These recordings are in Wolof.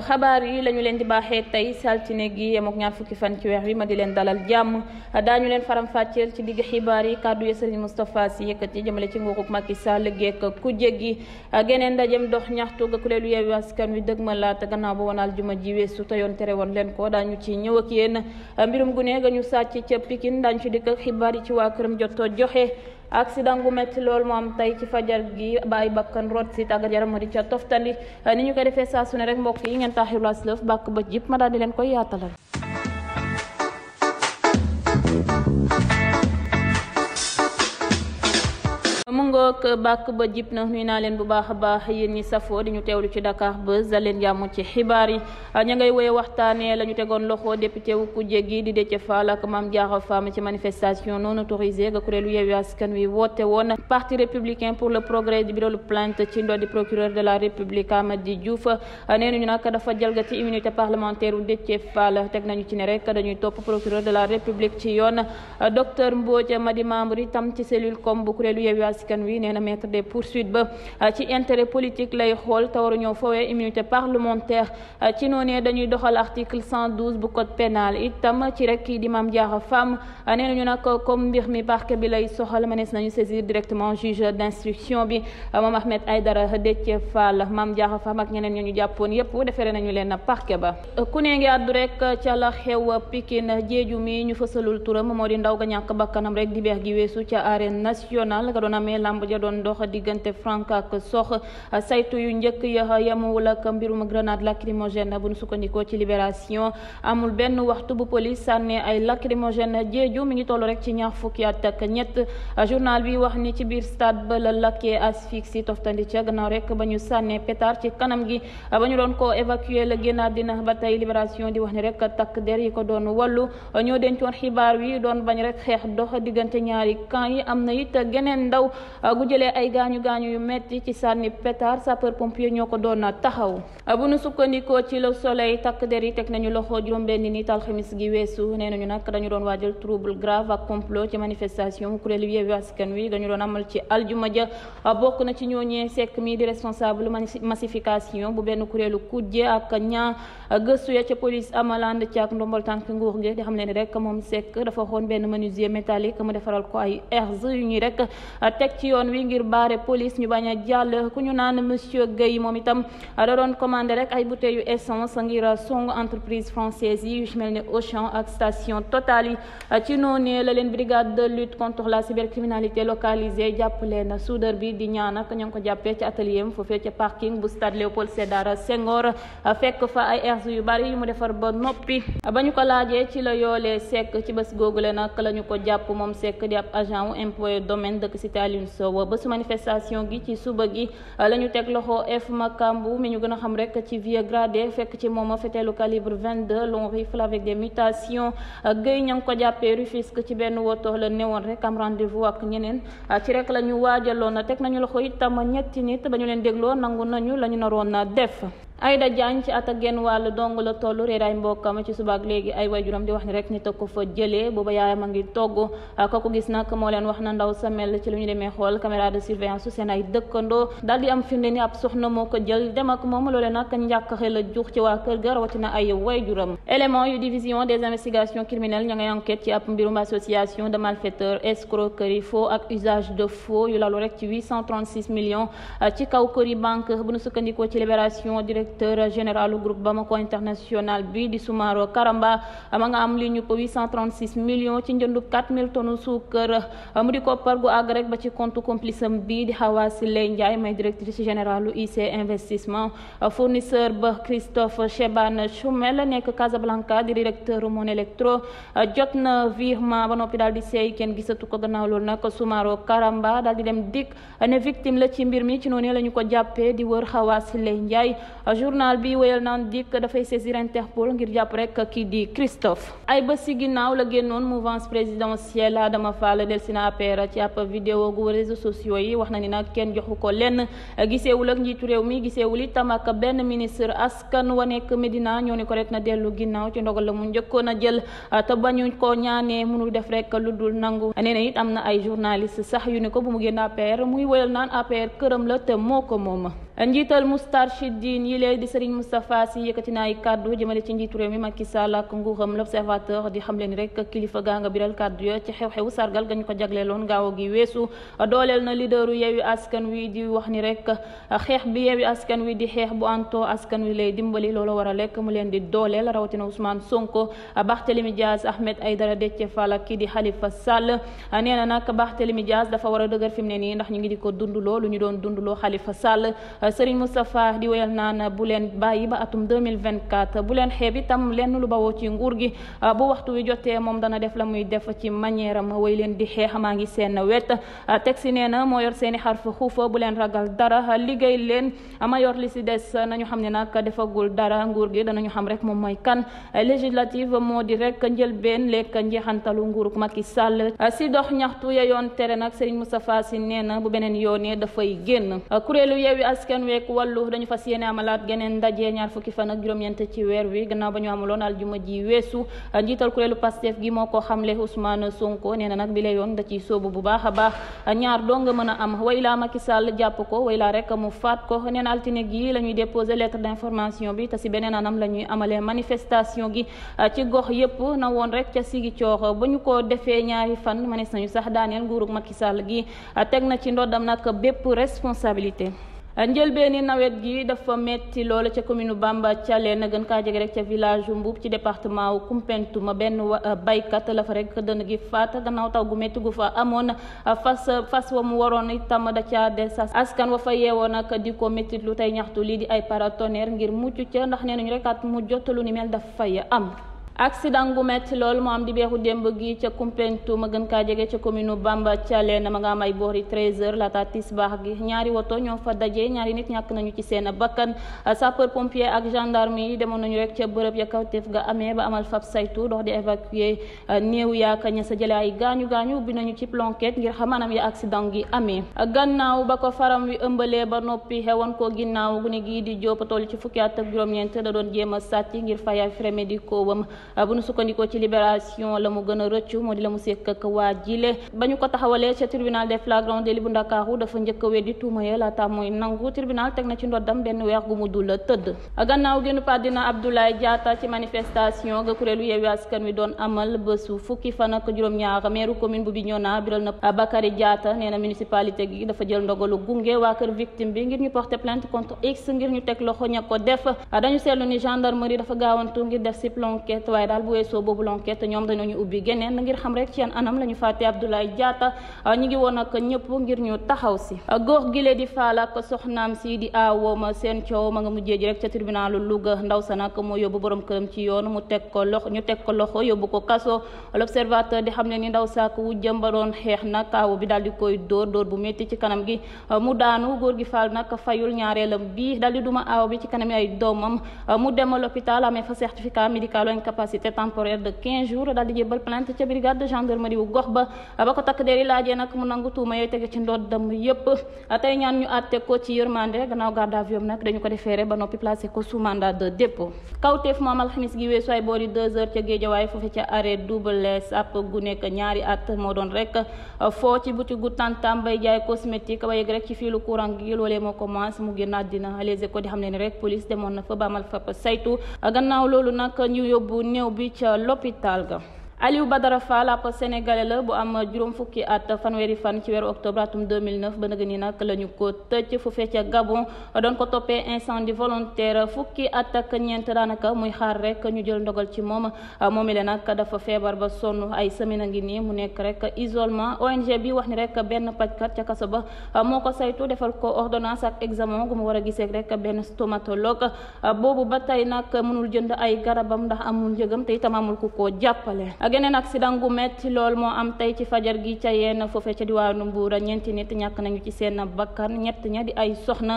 xabaar yi la leen di baaxee tey saltine gi yem ak ñaar fukki fan ci weer wi ma di leen dalal jàmm daañu leen faram-fàcceel ci digg xibaar yi kàddu ya Serigne Moustapha Sy yëkkati jëmale ci nguurug Macky Sall geek kujje gi geneen ndajem dox ñaxtu ga kuréelu Wi dëg ma laata gannaaw ba woon aljuma ji weesu te yoon tere woon leen ko daañu ci ñëw ak yéen mbirum gune ga ñu sàcc ca Pikine daañu ci dikk ak xibaar yi ci waa këram jottoo joxe accident gu métti loolu moo am tey ci fajar gi ba ay bakkan rot si tàggat yaram ma di ca toftandi ni ñu ko defee saa rek mbokk yi ngeen taaxirlu as lëf bàkk bëj yëpp ma daal di leen koy yaatalal ngoog bàkk ba jib na nuy naa leen bu baax a baax yéen ñi safoo di ñu teewlu ci Dakar Buzz dal leen jàmm ci xibaar yi ña ngay woye waxtaanee la tegoon loxo député wu kujje gi di Déthié Fall ak Mame Diarra Fam ci manifestation non autorisée ga kuréelu Yewwi Askan Wi woote woon parti républicain pour le progrès di biroolu plainte ci ndoddi procureur de la république Amady Diouf nee nañu nag dafa jalgati immunité parlementaire wu Déthié Fall wi nee na maître des ba euh, ci intérêt politique lay xool te waruñoo foowee immunité parlementaire euh, ci noonee dañuy doxal article bu code pénal itam ci rek di euh, Mame Diarra Fam ak ñeneen ñu jàppoon yépp defere nañu leen parquet ba ku ne ngi àddu rek ca la xew Pikine jeeju mi ñu fësalul turam moo di ndaw ga ñàkk bakkanam rek di beex gi weesu ca arène nationale nga doon amee lamb làmb ja doon dox diggante Franc ak sox saytu yu njëkk ya yemewul ak mbirum grenade lacrymogène bu nu sukkandikoo ci libération amul benn waxtu bu police sànne ay lacrymogène jeeju mi ngi toll rek ci ñaar fukki a ak ñett journal bi wax ni ci biir stade ba la lakkee asphyxie toftandi ca gannaaw rek ba ñu sànnee pétard ci kanam gi ba ñu doon ko évacuer la génnaat dina ba tey libération di wax ni rek takk der yi ko doon wallu ñoo dencoon xibaar wi doon bañ rek xeex dox diggante ñaari gu ah, jëlee ay gaañu gaañu yu metti ci sànni pétard sapeur pompier ñoo ko doon taxaw ah, bu nu sukkandikoo ci le soleil takk der yi teg nañu loxo juróom-benn nit alxamis gi weesu nee nañu nag dañu doon waajal trouble grave ak complot ci manifestation kuréelu Yewwi Askan Wi dañu doon amal ci aljuma ja ah, bokk na ci ñooñee sekk mii di responsable massification bu benn kuréelu kujje ak ñaa gëstu ya ca police amaland ci ak ndombol tànk nguur gi di xam leen rek moom sekk dafa xoon benn menuisier métallique mu defaral ko ay herse yu ñuy rek teg yoon wi ngir baare police ñu bañ a jàll ku ñu naan monsieur Guèye moom itam da doon commandé rek ay bouteilles yu essence ngir song entreprise française yi yu mel ne Auchan ak station Total yi ci noonu la leen brigade de lutte contre la cybercriminalité localisée jàpp leen soudeur bi di ñaan ak ñoo ngi ko jàppee ci atelier am foofee ca parking bu stade Léopold Sédar Senghor fekk fa ay erreurs yu bari yu mu defar ba noppi ba ñu ko laajee ci la yoolee sekk ci bés googu la nag la ñu ko jàpp moom sekk di ab agent wu employé domaine sowo bésu manifestation gi ci suba gi euh, la ñu teg loxo F Makambu mi ñu gën a xam rek ci vieux gradé fekk ci moom feteelu calibre 22 long rifle avec des mutations euh, Guèye ña ngi ko jàppee Rufisque ci benn woto la newoon rek am rendez-vous ak ñeneen euh, ci rek la ñu waajaloon teg nañu loxo itam ñetti nit ba ñu leen dégloo nangu nañu la ñu naroon def Aïda Diagne ci at ak genn wàll dong la toll réeraay mbokkam ci suba ak léegi ay waajuram di wax ni rek nit a ko fa jëlee booba yaayam a ngi togg ah, kooku gis nag moo leen wax na ndaw sa mel ci lu ñu demee xool caméra de surveillance su seen ay dëkkandoo daal am firnde ni ab soxna moo ko jël dem ak moom loolee nag njàkkaxe la juux ci waa kër ga rawatina ay waajuram élément yu division des investigations criminelles ña ngay enquête ci ab mbirum association de malfaiteurs escroquerie faux ak usage ci 836 millions ah, ci kaw këri banque bu nu sukkandikoo directeur général du Bamako international bi di Soumaro Karamba ma nga am li ñu ko 836 millions ci njëndub 4000 tonnes a mu di koppar gu àgg rek ba ci compte complice am bi di Hawa Sile Ndiaye may directrice générale du IC investissement fournisseur ba Christophe Cheban Choumel nekk Casablanca di directeur Mon Electro jot na virement ba noppi daal di seey kenn gisatu ko gannaaw loolu nag Soumaro Karamba daal di dem dikk ne victime la ci mbir mi ci noonu la journal bi wéyal naan dikk dafay saisir Interpol ngir jàpp rek kii di Christophe ay bés si ginnaaw la génnoon mouvance présidentielle Adama Fall del sina APR ci ab vidéo gu réseaux sociaux yi wax na ni nag kenn joxu ko lenn giseewul ak njiitu réew mi giseewul itam ak benn ministre askan wa nekk Medina ñoo ni ko rek na dellu ginnaaw ci ndogal la mu njëkkoon a jël te bañu ko ñaanee mënul def rek lu dul nangu nee na am na ay journaliste sax yu ni ko bu mu génn muy wéyal naan APR këram la te moo ko moom njiital Moustarchidine yi léegi di Serigne Moustapha Sy yëkkati na ay kàddu jëmale ci njiitu réew mi Macky Sall ak nguuram l'observateur di xam leen rek kilifa gaa nga biral kàddu ya ci xew-xewu sargal gañu ko jagleeloon gaaw gi weesu dooleel na leaderu Yewwi Askan wii di wax ni rek xeex bi Yewwi Askan Wi di xeex bu anto askan wi lay dimbali loolu war a lekk mu leen di dooleel rawatina Ousmane Sonko Barthélémy Dias Ahmed Aïdara Déthié Fall ak kii di Khalifa Sall nee na nag Barthélémy dafa war a dëgër fi mu ne nii ndax ñu ngi di ko dunduloo lu ñu doon dunduloo Khalifa Sall Euh, Serigne Moustapha di wéyal naan bu leen bàyyi ba atum 2024 bu leen xeeb itam lenn lu bawoo ci nguur gi euh, bu waxtu wi jotee moom dana def la muy def ci manière am way leen di xeex maa ngi seen wet euh, teg si neena moo yor seen i xarfa bu leen ragal dara liggéey leen ma yor li si des nañu xam ne nag defagul dara nguur gi danañu xam rek moom mooy kan législative moo di rek njëlbeen lekk njeexantalu nguuruk Macky Sall si dox ñaxtu yoon tere nag Serigne Moustapha Sy nee na bu beneen yoonee dafay génn kuréelu yeewi askan askan week wàllu dañu fas yéene amalaat geneen ndaje ñaar fukki fan ak juróom-ñeent ci weer wi gannaaw ba ñu amuloon aljuma ji weesu njiital kuréelu Pastef gi moo ko xamle Ousmane Sonko nee na nag bi la yoon da ciy sóobu bu baax a baax ñaar doo nga mën a am way laa Macky Sall jàpp ko way rek mu faat ko nee na altine la ñuy déposé lettre d'information bi te si beneen anam la ñuy amalee manifestation gi ci gox yépp na woon rek ca sigi coox ba ñu ko defee ñaari fan manes nañu sax daaneel nguurug Macky Sall gi teg na ci ndoddam nag bépp responsabilité njëlbeeni nawet gi dafa metti loola ca commune Bamba Thialène gën kaa jege rek ca village Mbuub ci département wu Koumpentoum benn euh, baykat la fa rek dënn gi faat gannaaw taw gu métti gu fa amoon fas fas wa mu waroon itam da ca des askan wa fa yeewoon ak di ko métti lu tey ñaxtu lii di ay paratonnerre ngir mucc ca ndax nee nañu rek at mu jotalu ni mel daf fay am accident gu metti lool moo am di beexu démb gi ca Koumpentoum ma gën kaa jege ca commune u Bamba Thialène ma nga am ay boori 13h laata baax gi ñaari woto ñoo fa daje ñaari nit ñàkk nañu ci seen bakkan sa sapeur pompier ak gendarme yi demoon nañu rek ca bërëb ya kawteef ga ame ba amal fab saytu dox di évacuer euh, néew yaaka ña sa jële ay gaañu gaañu ubbi nañu ci planquette ngir xam anam ya accident gi amee gannaaw ba ko faram wi ëmbalee ba noppi xewoon ko ginnaaw gune gii di jóopa ci fukki at ak da doon jéem a sàcc ngir fay frais médicaux wam Euh, bu nu sukkandikoo ci libération la mu gën a rëccu moo di la mu sekk ak waa jile ba ñu ko taxawalee ca tribunal des flagrants délits bu Ndakaaru dafa njëkk a weddi tuuma ya laata muy nangu tribunal teg na ci ndoddam benn weer gu mu dul tëdd gannaaw génn àddina Abdoulaye Diatta ci manifestation ga kuréelu Yewwi Askan Wi doon amal bésu fukki fan ak juróom-ñaar meeru commune bu Bignona biral na Bakary Diatta nee municipalité gi dafa jël ndogalu waaye daal bu weesoo boobu l'enquête ñoom dañooñu ubbi geneen ngir xam rek ci yan anam la ñu fàtte Abdoulaye Diatta ah, ñu ngi woon ak ñëpp ngir ñu taxaw si ah, góor gi lee di faal ak soxnaam si di aawooma seen coow ma nga mujjee ji rek ca tribunalu Louga ndaw sa nag moo yóbbu borom këram ci yoon mu teg ko loxo ñu teg ko loxo yóbbu ko kaso l'observateur di xam ne ni ndaw saak wu jëmbaroon xeex na aawo bi daal di koy dóor dóor bu métti ci kanam gi ah, mu daanu góor gi faal nag fayul ñaareelam bi bi ci kanam ay incapacité temporaire de 15 jours daal di jébbal ca brigade de gendarmerie bu gox ba ba takk der yi laajee mu nangu tuuma yooyu tege ci ndoddam yépp tey ñaan ñu àtte ko ci yërmande gannaaw garde à vue dañu ko defeere ba noppi placé ko foofu ca arrêt double S gu nekk ñaari at moo doon rek foo ci butigu tantam bay jaay cosmétique ba yegg rek ci fiilu courant gi loolee moo commencé mu génn àddina Les Échos di xam ne ni rek ñëw bi ca l'hôpital ga Aliou Badara Fall ab sénégalais la bu am juróom fukki at fanweeri fan ci weeru octobre atum 2009 ba nga ni nag la ñu ko tëj fu fee ca Gabon doon ko toppee incendie volontaire fukki at ak ñeent daanaka muy xaar rek ñu jël ndogal ci moom moom la nag dafa feebar ba sonn ay semaine a ngi nii mu nekk rek isolement ONG bi wax ni rek benn pajkat ca kaso ba moo ko saytu defal ko ordonnance ak examen gu mu war a gisee rek benn stomatologue boobu ba tey nag mënul jënd ay garabam ndax amul njëgam te itam amul ku ko jàppale. geneen accident gu metti lool moo am tey ci fajar gi ca yenn foofe ca diwaanu Mbuur ñeenti nit ñàkk nañu ci seen bakkan ñett ña di ay soxna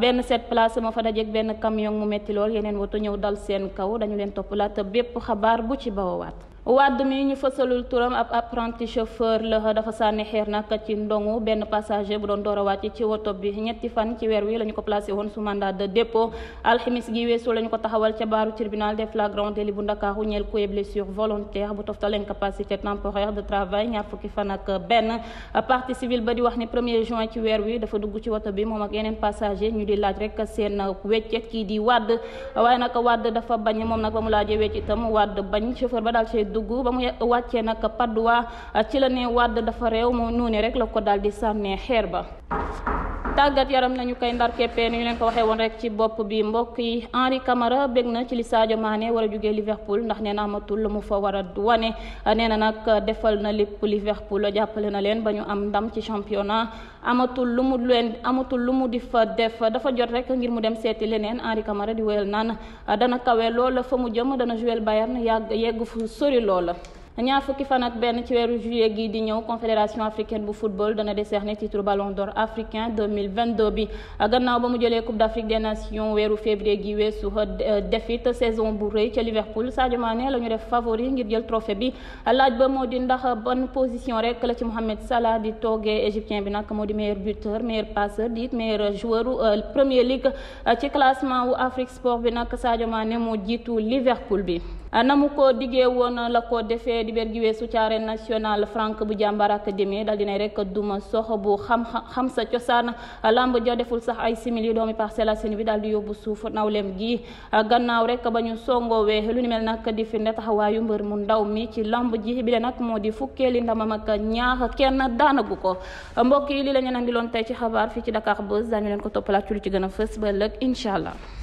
benn set place moo fa dajeeg benn camion mu metti lool yeneen woto ñëw dal seen kaw dañu leen toppalaat bépp xabaar bu ci bawowaat wàdd mi ñu fësalul turam ab apprenti chauffeur la dafa sànni xeer nag ci ndongu benn passager bu doon door a wàcc ci woto bi ñetti fan ci weer wi la ko placé woon su mandat de dépôt alxamis gi weesu la ñu ko taxawal ca baaru tribunal des flagrants délits bu ndakaaru ñeel coups et blessures bu toftal incapacité temporaire de travail ñaar fukki fan ak benn partie civile ba di wax ni premier juin ci weer wi dafa dugg ci woto bi moom ak yeneen di laaj rek seen weccet di wàdd waaye nag ba mu laajee wecc itam wàdd bañ chauffeur ba daal dugg ba mu wàccee nag Patte d'Oie ci la ne Wade dafa réew moo noonu rek la ko dal di sànnee xeer ba tàggat yaram nañu koy ndar keppee ni ñu leen ko waxee woon rek ci bopp bi mbokk yi Henri Camara bég na ci li Sadio Mané war a jógee Liverpool ndax nee na amatul lu mu fa war a wane nee na nag defal na lépp Liverpool jàppale na leen ba ñu am ndam ci championnat amatul lu mu leen amatul lu mu di fa def dafa jot rek ngir mu dem seeti leneen Henri Camara di wéyal naan dana kawe loola fa mu jëm dana jouer Bayern yàgg yegg fu sori loola ñaar fukki fan ak benn ci weeru juillet gii di ñëw confédération africaine bu football dana décerner titre ballon d'or africain 2022 bi gannaaw ba mu jëlee coupe d'Afrique des nations weeru février gi weesu euh, defit saison bu rëy ca Liverpool Sadio Mané la ñu def favori ngir jël trophée bi laaj ba moo di ndax ban position rek la ci Mohamed Salah di toogee égyptien bi nag moo di meilleur buteur meilleur passeur di it meilleur joueur euh, Premier League euh, ci classement wu Afrique bi nag Sadio Mané moo jiitu Liverpool bi Ah, na mu ko diggee woon la ko defee di ber gi weesu ci arène national Franc bu jàmbar ak demee dal dinay rek duma sox bu xam xam sa cosaan ah, lamb jo deful sax ay simili doomi Parcelles Assainies bi daal di yóbbu suuf nawleem gi ah, gannaaw rek ba ñu songoowee lu ni mel nag di fi ne taxawaayu mbër mu ndaw mi ci lamb ji bi le nag moo di fukkee li ndamam ak ñaax kenn daanagu ko mbokk yi li la ñu nangi loon tey ci xabaar fii ci Dakar Buzz daañu leen ko toppalaa lu ci gën a fës ba ëllëg allah